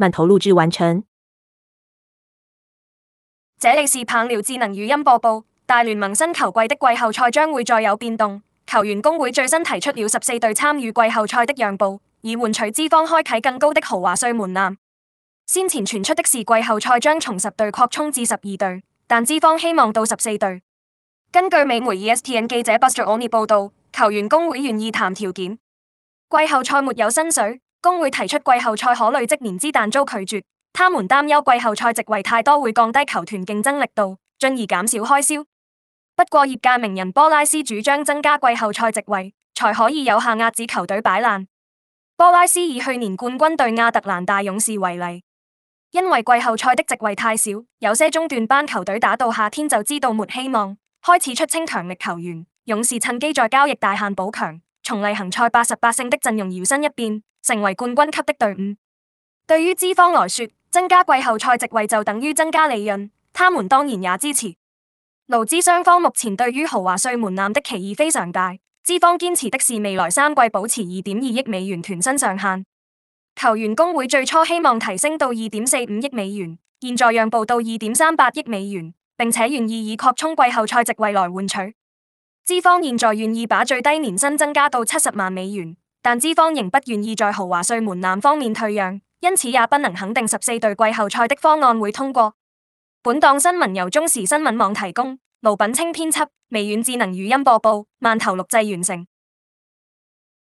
慢投錄製完成。這裏是棒聊智能語音播報。大聯盟新球季的季後賽將會再有變動，球員工會最新提出了十四隊參與季後賽的讓步，以換取資方開啟更高的豪華稅門檻。先前傳出的是季後賽將從十隊擴充至十二隊，但資方希望到十四隊。根據美媒 ESPN 記者 Buster Olney 報道，球員工會願意談條件。季後賽沒有薪水。工會提出季後賽可累積年資，但遭拒絕。他們擔憂季後賽席位太多會降低球團競爭力度，進而減少開銷。不過，業界名人波拉斯主張增加季後賽席位，才可以有效壓止球隊擺爛。波拉斯以去年冠軍對亞特蘭大勇士為例，因為季後賽的席位太少，有些中段班球隊打到夏天就知道沒希望，開始出清強力球員。勇士趁機在交易大限補強。從例行賽八十八勝的陣容搖身一變，成為冠軍級的隊伍。對於資方來說，增加季後賽席位就等於增加利潤，他們當然也支持。勞資雙方目前對於豪華稅門檻的歧義非常大，資方堅持的是未來三季保持二點二億美元團薪上限，球員工會最初希望提升到二點四五億美元，現在讓步到二點三八億美元，並且願意以擴充季後賽席位來換取。資方現在願意把最低年薪增加到七十萬美元，但資方仍不願意在豪華稅門檻方面退讓，因此也不能肯定十四隊季後賽的方案會通過。本檔新聞由中時新聞網提供，盧品清編輯，微軟智能語音播報，慢頭錄製完成。